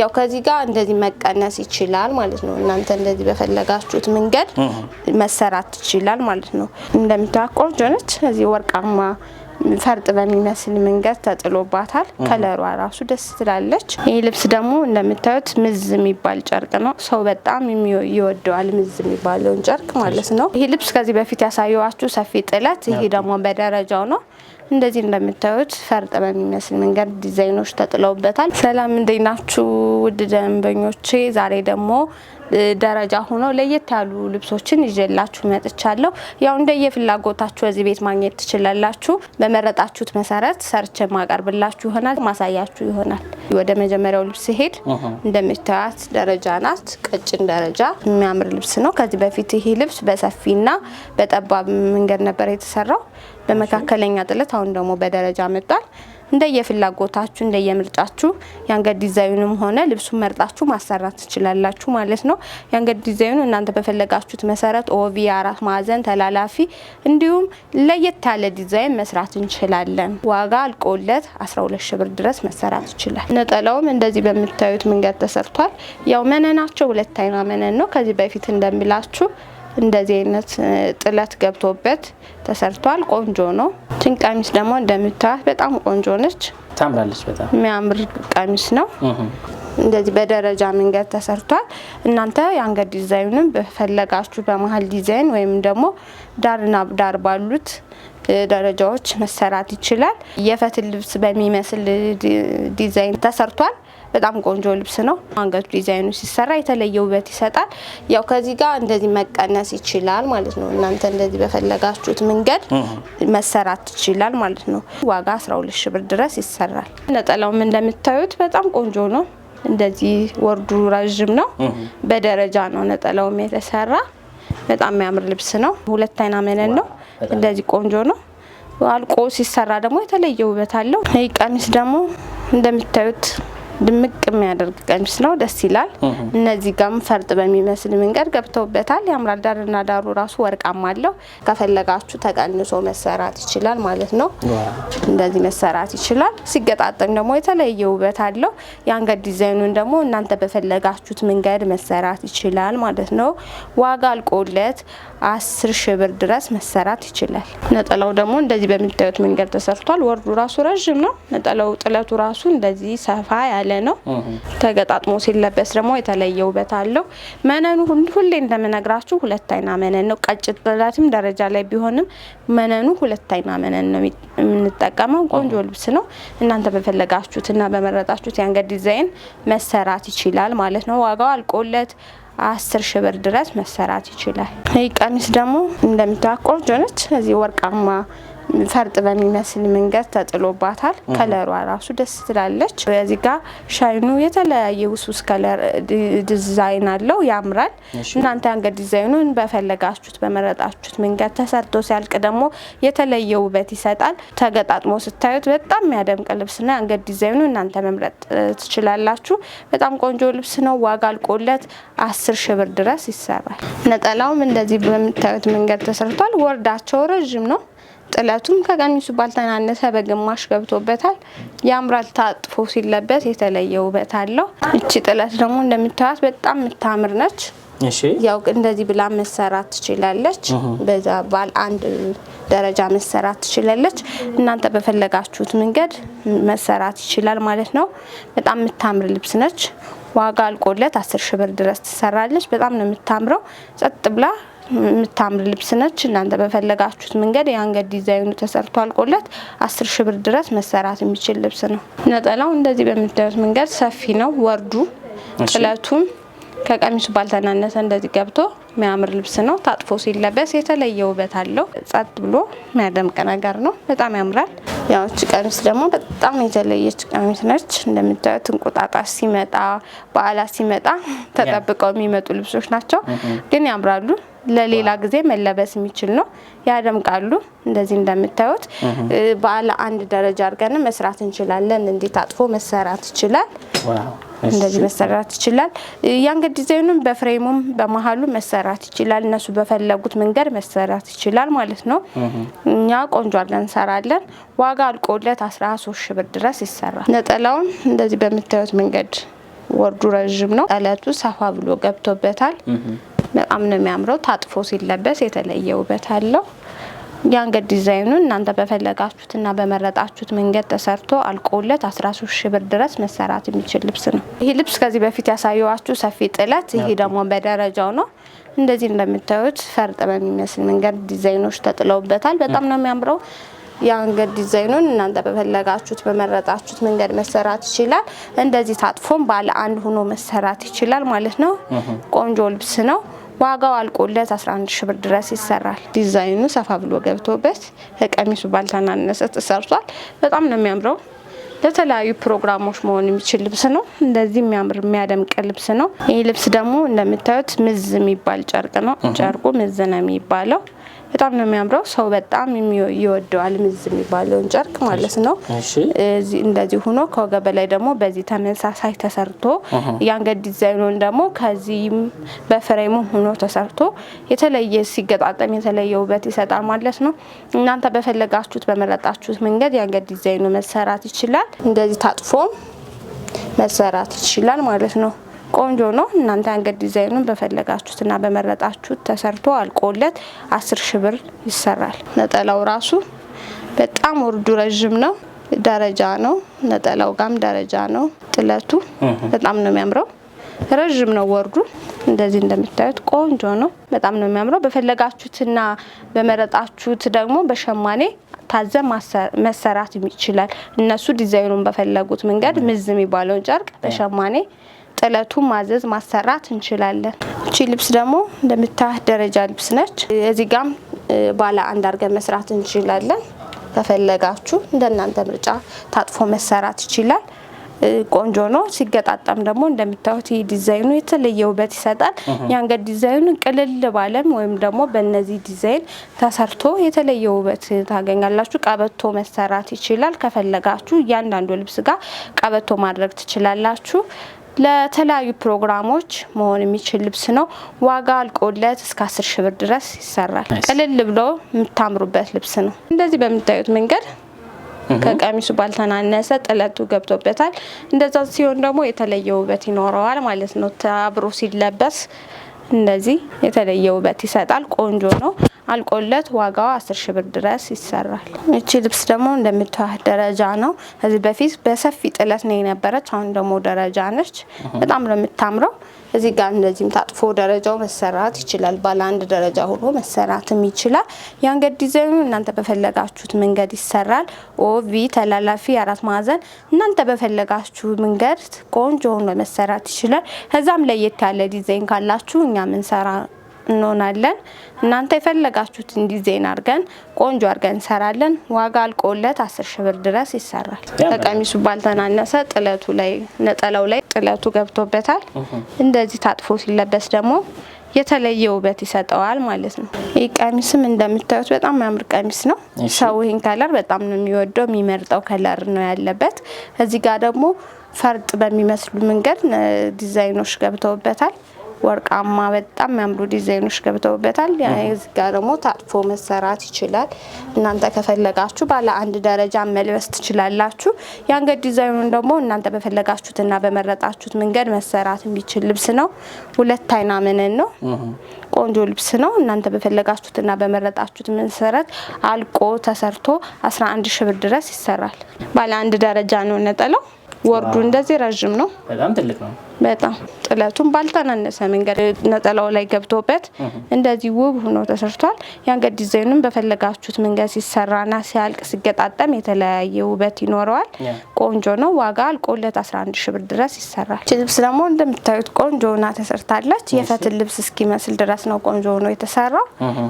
ያው ከዚህ ጋር እንደዚህ መቀነስ ይችላል ማለት ነው። እናንተ እንደዚህ በፈለጋችሁት መንገድ መሰራት ይችላል ማለት ነው። እንደምታቆም እዚህ ወርቃማ ፈርጥ በሚመስል መንገድ ተጥሎባታል። ከለሯ ራሱ ደስ ትላለች። ይህ ልብስ ደግሞ እንደምታዩት ምዝ የሚባል ጨርቅ ነው። ሰው በጣም ይወደዋል፣ ምዝ የሚባለውን ጨርቅ ማለት ነው። ይህ ልብስ ከዚህ በፊት ያሳየዋችሁ ሰፊ ጥለት፣ ይሄ ደግሞ በደረጃው ነው። እንደዚህ እንደምታዩት ፈርጥ በሚመስል መንገድ ዲዛይኖች ተጥለውበታል። ሰላም እንዴት ውድ ደንበኞቼ? ዛሬ ደግሞ ደረጃ ሆኖ ለየት ያሉ ልብሶችን ይዤላችሁ መጥቻለሁ። ያው እንደየፍላጎታችሁ እዚህ ቤት ማግኘት ትችላላችሁ። በመረጣችሁት መሰረት ሰርች ማቀርብላችሁ ይሆናል፣ ማሳያችሁ ይሆናል። ወደ መጀመሪያው ልብስ ሲሄድ እንደምታያት ደረጃ ናት። ቀጭን ደረጃ የሚያምር ልብስ ነው። ከዚህ በፊት ይህ ልብስ በሰፊና በጠባብ መንገድ ነበር የተሰራው፣ በመካከለኛ ጥለት። አሁን ደግሞ በደረጃ መጥቷል። እንደየፍላጎታችሁ እንደየምርጫችሁ የአንገት ዲዛይኑም ሆነ ልብሱን መርጣችሁ ማሰራት ትችላላችሁ ማለት ነው። የአንገት ዲዛይኑ እናንተ በፈለጋችሁት መሰረት ኦቪ፣ አራት ማዕዘን፣ ተላላፊ እንዲሁም ለየት ያለ ዲዛይን መስራት እንችላለን። ዋጋ አልቆለት 12 ሺ ብር ድረስ መሰራት ይችላል። ነጠላውም እንደዚህ በምታዩት መንገድ ተሰርቷል። ያው መነናቸው ሁለት አይና መነን ነው። ከዚህ በፊት እንደምላችሁ እንደዚህ አይነት ጥለት ገብቶበት ተሰርቷል። ቆንጆ ነው። ችን ቀሚስ ደግሞ እንደምታዩት በጣም ቆንጆ ነች፣ ታምራለች። በጣም የሚያምር ቀሚስ ነው። እንደዚህ በደረጃ መንገድ ተሰርቷል። እናንተ የአንገት ዲዛይኑን በፈለጋችሁ በመሀል ዲዛይን ወይም ደግሞ ዳርና ዳር ባሉት ደረጃዎች መሰራት ይችላል። የፈትል ልብስ በሚመስል ዲዛይን ተሰርቷል። በጣም ቆንጆ ልብስ ነው። አንገቱ ዲዛይኑ ሲሰራ የተለየ ውበት ይሰጣል። ያው ከዚህ ጋር እንደዚህ መቀነስ ይችላል ማለት ነው። እናንተ እንደዚህ በፈለጋችሁት መንገድ መሰራት ይችላል ማለት ነው። ዋጋ 12 ሺ ብር ድረስ ይሰራል። ነጠላውም እንደምታዩት በጣም ቆንጆ ነው። እንደዚህ ወርዱ ረዥም ነው። በደረጃ ነው ነጠላውም የተሰራ በጣም የሚያምር ልብስ ነው። ሁለት አይና መነን ነው። እንደዚህ ቆንጆ ነው። አልቆ ሲሰራ ደግሞ የተለየ ውበት አለው። ይህ ቀሚስ ደግሞ እንደምታዩት ድምቅ የሚያደርግ ቀሚስ ነው። ደስ ይላል። እነዚህ ጋም ፈርጥ በሚመስል መንገድ ገብተውበታል። ያምራል። ዳርና ዳሩ ራሱ ወርቃማ አለው። ከፈለጋችሁ ተቀንሶ መሰራት ይችላል ማለት ነው። እንደዚህ መሰራት ይችላል። ሲገጣጠም ደግሞ የተለየ ውበት አለው። የአንገት ዲዛይኑን ደግሞ እናንተ በፈለጋችሁት መንገድ መሰራት ይችላል ማለት ነው። ዋጋ አልቆለት አስር ሺ ብር ድረስ መሰራት ይችላል። ነጠላው ደግሞ እንደዚህ በምታዩት መንገድ ተሰርቷል። ወርዱ ራሱ ረዥም ነው። ነጠላው ጥለቱ ራሱ እንደዚህ ሰፋ ያለ ያለ ነው። ተገጣጥሞ ሲለበስ ደግሞ የተለየ ውበት አለው። መነኑ ሁሌ እንደምነግራችሁ ሁለት አይና መነን ነው። ቀጭን ብረትም ደረጃ ላይ ቢሆንም መነኑ ሁለት አይና መነን ነው የምንጠቀመው። ቆንጆ ልብስ ነው። እናንተ በፈለጋችሁት እና በመረጣችሁት የአንገት ዲዛይን መሰራት ይችላል ማለት ነው። ዋጋው አልቆለት አስር ሺህ ብር ድረስ መሰራት ይችላል። ይህ ቀሚስ ደግሞ እንደምታውቁት ቆንጆ ነች። እዚህ ወርቃማ ፈርጥ በሚመስል መንገድ ተጥሎባታል። ከለሯ ራሱ ደስ ትላለች። እዚህ ጋር ሻይኑ የተለያየ ውስውስ ከለር ዲዛይን አለው፣ ያምራል። እናንተ አንገት ዲዛይኑን በፈለጋችሁት በመረጣችሁት መንገድ ተሰርቶ ሲያልቅ ደግሞ የተለየ ውበት ይሰጣል። ተገጣጥሞ ስታዩት በጣም የሚያደምቅ ነው የአንገት ዲዛይኑ እናንተ መምረጥ ትችላላችሁ። በጣም ቆንጆ ልብስ ነው። ዋጋ አልቆለት አስር ሺ ብር ድረስ ይሰራል። ነጠላውም እንደዚህ በምታዩት መንገድ ተሰርቷል። ወርዳቸው ረዥም ነው። ጥለቱም ከቀሚሱ ባልተናነሰ በግማሽ ገብቶበታል። ያምራል። ታጥፎ ሲለበስ የተለየ ውበት አለው። እቺ ጥለት ደግሞ እንደምታዩት በጣም የምታምር ነች። ያው እንደዚህ ብላ መሰራት ትችላለች። በዛ ባል አንድ ደረጃ መሰራት ትችላለች። እናንተ በፈለጋችሁት መንገድ መሰራት ይችላል ማለት ነው። በጣም የምታምር ልብስ ነች። ዋጋ አልቆለት አስር ሺ ብር ድረስ ትሰራለች። በጣም ነው የምታምረው። ጸጥ ብላ የምታምር ልብስ ነች። እናንተ በፈለጋችሁት መንገድ የአንገት ዲዛይኑ ተሰርቶ አልቆለት አስር ሺ ብር ድረስ መሰራት የሚችል ልብስ ነው። ነጠላው እንደዚህ በምታዩት መንገድ ሰፊ ነው ወርዱ ጥለቱም ከቀሚሱ ባልተናነሰ እንደዚህ ገብቶ የሚያምር ልብስ ነው። ታጥፎ ሲለበስ የተለየ ውበት አለው። ጸጥ ብሎ የሚያደምቅ ነገር ነው። በጣም ያምራል። ያዎች ቀሚስ ደግሞ በጣም የተለየች ቀሚስ ነች። እንደምታዩት እንቁጣጣሽ ሲመጣ በዓላት ሲመጣ ተጠብቀው የሚመጡ ልብሶች ናቸው፣ ግን ያምራሉ። ለሌላ ጊዜ መለበስ የሚችል ነው፣ ያደምቃሉ። እንደዚህ እንደምታዩት ባለ አንድ ደረጃ አድርገን መስራት እንችላለን። እንዴት አጥፎ መሰራት ይችላል። እንደዚህ መሰራት ይችላል። የአንገት ዲዛይኑም በፍሬሙም በመሀሉ መሰራት ይችላል። እነሱ በፈለጉት መንገድ መሰራት ይችላል ማለት ነው። እኛ ቆንጆ አድርገን እንሰራለን። ዋጋ አልቆለት 13 ሺህ ብር ድረስ ይሰራል። ነጠላውን እንደዚህ በምታዩት መንገድ ወርዱ ረዥም ነው። ጠለቱ ሰፋ ብሎ ገብቶበታል። በጣም ነው የሚያምረው። ታጥፎ ሲለበስ የተለየ ውበት አለው። የአንገት ዲዛይኑን እናንተ በፈለጋችሁትና በመረጣችሁት መንገድ ተሰርቶ አልቆለት 13 ሺ ብር ድረስ መሰራት የሚችል ልብስ ነው። ይህ ልብስ ከዚህ በፊት ያሳየዋችሁ ሰፊ ጥለት፣ ይሄ ደግሞ በደረጃው ነው። እንደዚህ እንደምታዩት ፈርጥ በሚመስል መንገድ ዲዛይኖች ተጥለውበታል። በጣም ነው የሚያምረው። የአንገት ዲዛይኑን እናንተ በፈለጋችሁት በመረጣችሁት መንገድ መሰራት ይችላል። እንደዚህ ታጥፎም ባለ አንድ ሆኖ መሰራት ይችላል ማለት ነው። ቆንጆ ልብስ ነው። ዋጋው አልቆለት 11 ሺህ ብር ድረስ ይሰራል። ዲዛይኑ ሰፋ ብሎ ገብቶበት ከቀሚሱ ባልተናነሰ ተሰርቷል። በጣም ነው የሚያምረው። ለተለያዩ ፕሮግራሞች መሆን የሚችል ልብስ ነው። እንደዚህ የሚያምር የሚያደምቅ ልብስ ነው። ይህ ልብስ ደግሞ እንደምታዩት ምዝ የሚባል ጨርቅ ነው። ጨርቁ ምዝ ነው የሚባለው። በጣም ነው የሚያምረው። ሰው በጣም ይወደዋል። ምዝ የሚባለውን ጨርቅ ማለት ነው። እንደዚህ ሆኖ ከወገብ በላይ ደግሞ በዚህ ተመሳሳይ ተሰርቶ የአንገት ዲዛይኑን ደግሞ ከዚህም በፍሬሙ ሆኖ ተሰርቶ የተለየ ሲገጣጠም የተለየ ውበት ይሰጣል ማለት ነው። እናንተ በፈለጋችሁት በመረጣችሁት መንገድ የአንገት ዲዛይኑ መሰራት ይችላል። እንደዚህ ታጥፎ መሰራት ይችላል ማለት ነው። ቆንጆ ነው። እናንተ አንገት ዲዛይኑን በፈለጋችሁት እና በመረጣችሁት ተሰርቶ አልቆለት አስር ሺ ብር ይሰራል። ነጠላው ራሱ በጣም ወርዱ ረዥም ነው። ደረጃ ነው። ነጠላው ጋም ደረጃ ነው። ጥለቱ በጣም ነው የሚያምረው። ረዥም ነው ወርዱ። እንደዚህ እንደምታዩት ቆንጆ ነው። በጣም ነው የሚያምረው። በፈለጋችሁትና በመረጣችሁት ደግሞ በሸማኔ ታዘ መሰራት ይችላል። እነሱ ዲዛይኑን በፈለጉት መንገድ ምዝ የሚባለውን ጨርቅ በሸማኔ ጥለቱ ማዘዝ ማሰራት እንችላለን። እቺ ልብስ ደግሞ እንደምታያት ደረጃ ልብስ ነች። እዚህ ጋም ባለ አንድ አድርገን መስራት እንችላለን። ከፈለጋችሁ እንደናንተ ምርጫ ታጥፎ መሰራት ይችላል። ቆንጆ ነው። ሲገጣጠም ደግሞ እንደምታዩት ይህ ዲዛይኑ የተለየ ውበት ይሰጣል። የአንገት ዲዛይኑ ቅልል ባለም ወይም ደግሞ በእነዚህ ዲዛይን ተሰርቶ የተለየ ውበት ታገኛላችሁ። ቀበቶ መሰራት ይችላል። ከፈለጋችሁ እያንዳንዱ ልብስ ጋር ቀበቶ ማድረግ ትችላላችሁ። ለተለያዩ ፕሮግራሞች መሆን የሚችል ልብስ ነው። ዋጋ አልቆለት እስከ አስር ሺ ብር ድረስ ይሰራል። ቅልል ብሎ የምታምሩበት ልብስ ነው። እንደዚህ በምታዩት መንገድ ከቀሚሱ ባልተናነሰ ጥለቱ ገብቶበታል። እንደዛ ሲሆን ደግሞ የተለየ ውበት ይኖረዋል ማለት ነው ተብሮ ሲለበስ እንደዚህ የተለየ ውበት ይሰጣል። ቆንጆ ነው። አልቆለት ዋጋዋ አስር ሺ ብር ድረስ ይሰራል። እቺ ልብስ ደግሞ እንደምታዩት ደረጃ ነው። ከዚህ በፊት በሰፊ ጥለት ነው የነበረች። አሁን ደግሞ ደረጃ ነች። በጣም ነው የምታምረው። እዚህ ጋር እንደዚህም ታጥፎ ደረጃው መሰራት ይችላል። ባለ አንድ ደረጃ ሆኖ መሰራትም ይችላል። የአንገት ዲዛይኑ እናንተ በፈለጋችሁት መንገድ ይሰራል። ኦቪ ተላላፊ፣ አራት ማዕዘን እናንተ በፈለጋችሁ መንገድ ቆንጆ ሆኖ መሰራት ይችላል። ከዛም ለየት ያለ ዲዛይን ካላችሁ እኛ ምንሰራ እንሆናለን እናንተ የፈለጋችሁትን ዲዛይን አድርገን ቆንጆ አድርገን እንሰራለን። ዋጋ አልቆለት አስር ሺህ ብር ድረስ ይሰራል። ከቀሚሱ ባልተናነሰ ጥለቱ ላይ ነጠላው ላይ ጥለቱ ገብቶበታል። እንደዚህ ታጥፎ ሲለበስ ደግሞ የተለየ ውበት ይሰጠዋል ማለት ነው። ይህ ቀሚስም እንደምታዩት በጣም የሚያምር ቀሚስ ነው። ሰው ይህን ከለር በጣም ነው የሚወደው፣ የሚመርጠው ከለር ነው ያለበት። እዚህ ጋር ደግሞ ፈርጥ በሚመስሉ መንገድ ዲዛይኖች ገብተውበታል። ወርቃማ በጣም የሚያምሩ ዲዛይኖች ገብተውበታል። እዚህ ጋር ደግሞ ታጥፎ መሰራት ይችላል። እናንተ ከፈለጋችሁ ባለ አንድ ደረጃ መልበስ ትችላላችሁ። የአንገት ዲዛይኑን ደግሞ እናንተ በፈለጋችሁት እና በመረጣችሁት መንገድ መሰራት የሚችል ልብስ ነው። ሁለት አይና ምንን ነው ቆንጆ ልብስ ነው። እናንተ እና በመረጣችሁት መሰረት አልቆ ተሰርቶ 11 ሺ ብር ድረስ ይሰራል። ባለ አንድ ደረጃ ነው ነጠለው ወርዱ እንደዚህ ረዥም ነው። በጣም ትልቅ ነው። በጣም ጥለቱን ባልተናነሰ መንገድ ነጠላው ላይ ገብቶበት እንደዚህ ውብ ሆኖ ተሰርቷል። የአንገት ዲዛይኑን በፈለጋችሁት መንገድ ሲሰራና ሲያልቅ ሲገጣጠም የተለያየ ውበት ይኖረዋል። ቆንጆ ነው። ዋጋ አልቆለት 11 ሺ ብር ድረስ ይሰራል። ልብስ ደግሞ እንደምታዩት ቆንጆ ሆና ተሰርታለች። የፈትል ልብስ እስኪመስል ድረስ ነው ቆንጆ ሆኖ የተሰራው።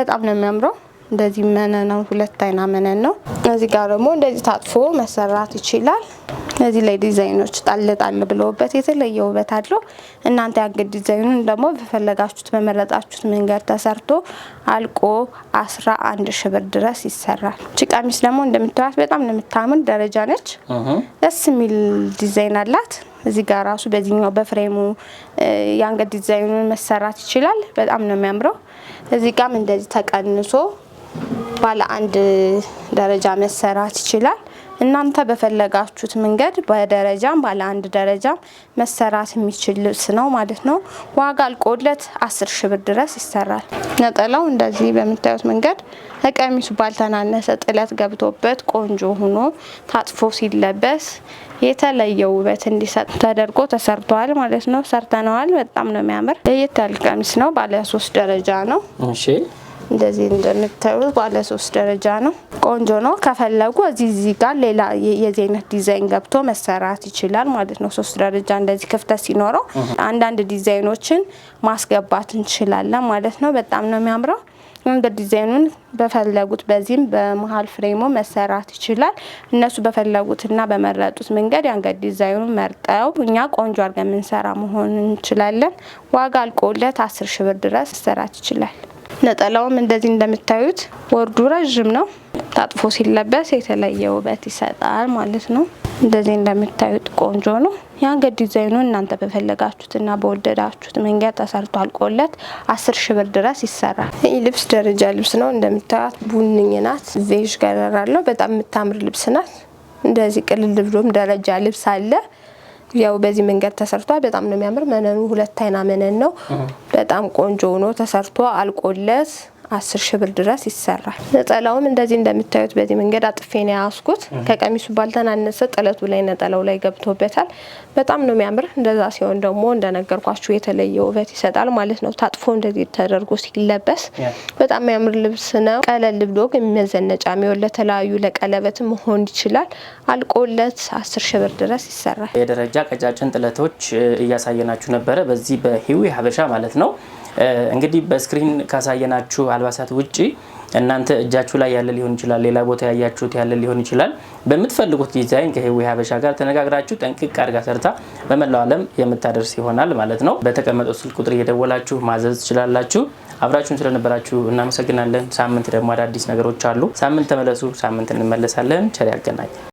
በጣም ነው የሚያምረው። እንደዚህ መነነው ሁለት አይና መነን ነው። እዚህ ጋር ደግሞ እንደዚህ ታጥፎ መሰራት ይችላል። እዚህ ላይ ዲዛይኖች ጣል ጣል ብለውበት የተለየ ውበት አለው። እናንተ ያንገት ዲዛይኑን ደግሞ በፈለጋችሁት በመረጣችሁት መንገድ ተሰርቶ አልቆ አስራ አንድ ሺ ብር ድረስ ይሰራል። እቺ ቀሚስ ደግሞ እንደምታዩት በጣም የምታምር ደረጃ ነች። ደስ የሚል ዲዛይን አላት። እዚህ ጋር ራሱ በዚህኛው በፍሬሙ የአንገት ዲዛይኑን መሰራት ይችላል። በጣም ነው የሚያምረው። እዚህ ጋም እንደዚህ ተቀንሶ ባለ አንድ ደረጃ መሰራት ይችላል። እናንተ በፈለጋችሁት መንገድ በደረጃም ባለ አንድ ደረጃም መሰራት የሚችል ልብስ ነው ማለት ነው። ዋጋ አልቆለት አስር ሺ ብር ድረስ ይሰራል። ነጠላው እንደዚህ በምታዩት መንገድ ከቀሚሱ ባልተናነሰ ጥለት ገብቶበት ቆንጆ ሆኖ ታጥፎ ሲለበስ የተለየ ውበት እንዲሰጥ ተደርጎ ተሰርቷል ማለት ነው። ሰርተነዋል። በጣም ነው የሚያምር ለየት ያለ ቀሚስ ነው። ባለ ሶስት ደረጃ ነው። እንደዚህ እንደምታዩት ባለ ሶስት ደረጃ ነው። ቆንጆ ነው። ከፈለጉ እዚህ እዚህ ጋር ሌላ የዚህ አይነት ዲዛይን ገብቶ መሰራት ይችላል ማለት ነው። ሶስት ደረጃ እንደዚህ ክፍተት ሲኖረው አንዳንድ ዲዛይኖችን ማስገባት እንችላለን ማለት ነው። በጣም ነው የሚያምረው። መንገድ ዲዛይኑን በፈለጉት በዚህም በመሀል ፍሬሙ መሰራት ይችላል። እነሱ በፈለጉትና በመረጡት መንገድ የአንገት ዲዛይኑን መርጠው እኛ ቆንጆ አድርገን የምንሰራ መሆን እንችላለን። ዋጋ አልቆለት አስር ሺ ብር ድረስ መሰራት ይችላል። ነጠላውም እንደዚህ እንደምታዩት ወርዱ ረዥም ነው። ታጥፎ ሲለበስ የተለየ ውበት ይሰጣል ማለት ነው። እንደዚህ እንደምታዩት ቆንጆ ነው። የአንገት ዲዛይኑ እናንተ በፈለጋችሁትና በወደዳችሁት መንገድ ተሰርቶ አልቆለት አስር ሺ ብር ድረስ ይሰራል። ይህ ልብስ ደረጃ ልብስ ነው። እንደምታዩት ቡንኝ ናት። ቬዥ ገረር አለው። በጣም የምታምር ልብስ ናት። እንደዚህ ቅልል ብሎም ደረጃ ልብስ አለ። ያው በዚህ መንገድ ተሰርቷል። በጣም ነው የሚያምር። መነኑ ሁለት አይና መነን ነው። በጣም ቆንጆ ሆኖ ተሰርቶ አልቆለስ። አስር ሺህ ብር ድረስ ይሰራል። ነጠላውም እንደዚህ እንደምታዩት በዚህ መንገድ አጥፌ ነው ያስኩት። ከቀሚሱ ባልተናነሰ ጥለቱ ላይ ነጠላው ላይ ገብቶበታል። በጣም ነው የሚያምር። እንደዛ ሲሆን ደግሞ እንደነገርኳችሁ የተለየ ውበት ይሰጣል ማለት ነው። ታጥፎ እንደዚህ ተደርጎ ሲለበስ በጣም የሚያምር ልብስ ነው። ቀለል ብሎ ግን መዘነጫ የሚሆን ለተለያዩ ለቀለበት መሆን ይችላል። አልቆለት አስር ሺህ ብር ድረስ ይሰራል። የደረጃ ቀጫጭን ጥለቶች እያሳየናችሁ ነበረ በዚህ በህዊ ሀበሻ ማለት ነው። እንግዲህ በስክሪን ካሳየናችሁ አልባሳት ውጪ እናንተ እጃችሁ ላይ ያለ ሊሆን ይችላል፣ ሌላ ቦታ ያያችሁት ያለ ሊሆን ይችላል። በምትፈልጉት ዲዛይን ከህዊ ሀበሻ ጋር ተነጋግራችሁ ጠንቅቅ አድርጋ ሰርታ በመላው ዓለም የምታደርስ ይሆናል ማለት ነው። በተቀመጠው ስልክ ቁጥር እየደወላችሁ ማዘዝ ትችላላችሁ። አብራችሁን ስለነበራችሁ እናመሰግናለን። ሳምንት ደግሞ አዳዲስ ነገሮች አሉ። ሳምንት ተመለሱ። ሳምንት እንመለሳለን። ቸር ያገናኝ